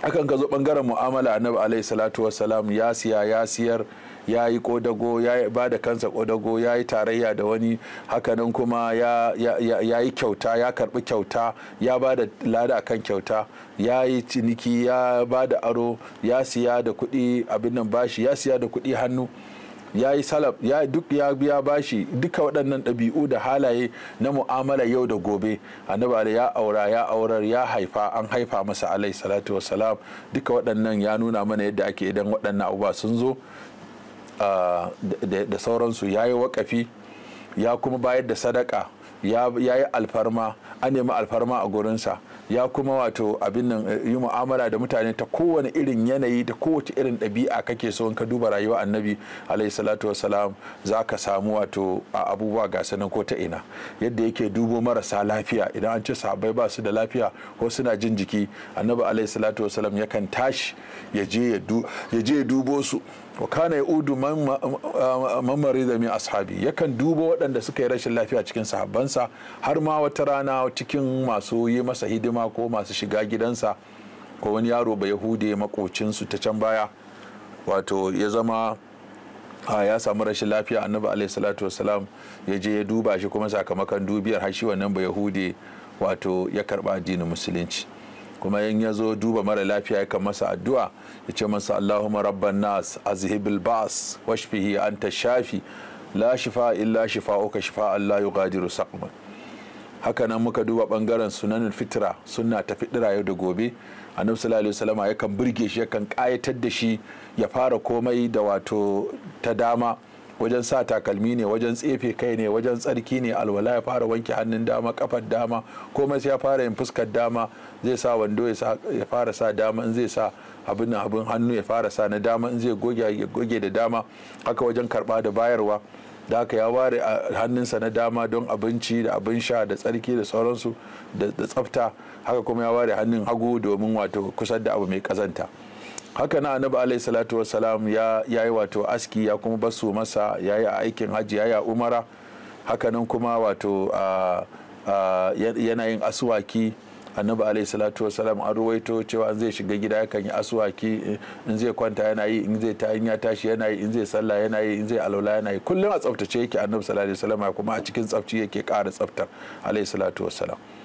akan ka zo bangaren mu'amala annabi alaihi salatu wassalam ya siya ya siyar ya yi kodago ya ba da kansa kodago ya yi tarayya da wani hakanan kuma ya yi kyauta ya karbi kyauta ya ba da lada akan kyauta ya yi ciniki ya ba da aro ya siya da kuɗi abin nan bashi ya siya da kuɗi hannu ya yi salaf ya duk ya biya bashi duka waɗannan ɗabi'u da halaye na mu'amala yau da gobe annabi ya aura ya aurar ya haifa an haifa masa alai salatu wassalam duka waɗannan ya nuna mana yadda ake idan waɗannan abubuwa sun zo da sauransu ya yi waƙafi ya kuma bayar da sadaka ya yi alfarma an nemi alfarma a gurinsa ya kuma wato abin nan eh, yi mu'amala da mutane ta kowane irin yanayi da kowace irin ɗabi'a kake so in ka duba rayuwa annabi alaihi salatu wasalam za ka samu wato a abubuwa ga sanin ko ta ina yadda yake dubo marasa lafiya idan an ce sahabbai ba su da lafiya ko suna jin jiki annabi alaihi salatu wasalam yakan tashi ya je ya dubo su wa kana ya udu mamari da min ashabi yakan duba waɗanda suka yi rashin lafiya cikin sahabbansa har ma wata rana cikin masu yi masa hidima girma ko masu shiga gidansa ko wani yaro bai hude makocinsu ta can baya wato ya zama ya samu rashin lafiya annabi alaihi salatu wasalam ya je ya duba shi kuma sakamakon dubiyar har shi wannan bai hude wato ya karba addinin musulunci kuma in ya zo duba mara lafiya ya kan masa addu'a ya ce masa Allahumma rabban nas azhibil bas washfihi anta shafi la shifa illa shifa'uka shifa Allah yughadiru saqman hakanan muka duba bangaren sunanin fitira suna ta fitira yau da gobe annabi sallallahu alaihi yakan burge shi yakan kayatar da shi ya fara komai da wato ta dama wajen sa takalmi ne wajen tsefe kai ne wajen tsarki ne alwala ya fara wanke hannun dama kafar dama komai sai ya fara yin fuskar dama zai sa wando ya fara sa dama in zai sa abin abin hannu ya fara sa na dama in zai goge da dama haka wajen karba da bayarwa da aka ya ware hannunsa na dama don abinci da abin sha da tsarki da sauransu da tsafta haka kuma ya ware hannun hagu domin wato kusa da abu mai kazanta haka na annabi alaihi salatu wassalam ya yi wato aski ya kuma basu masa ya yi aikin haji ya yi umara hakanan kuma wato yana yin asuwaki annabi alayhi salatu wasalam an ruwaito cewa in zai shiga gida yakan yi aswaki in zai kwanta yana yi in zai tayin ya tashi yana yi in zai sallah yana yi in zai alwala yana yi kullum a tsaftace yake annabi sallallahu alaihi wasallam kuma a cikin tsafci yake ƙara tsaftar alayhi salatu wasalam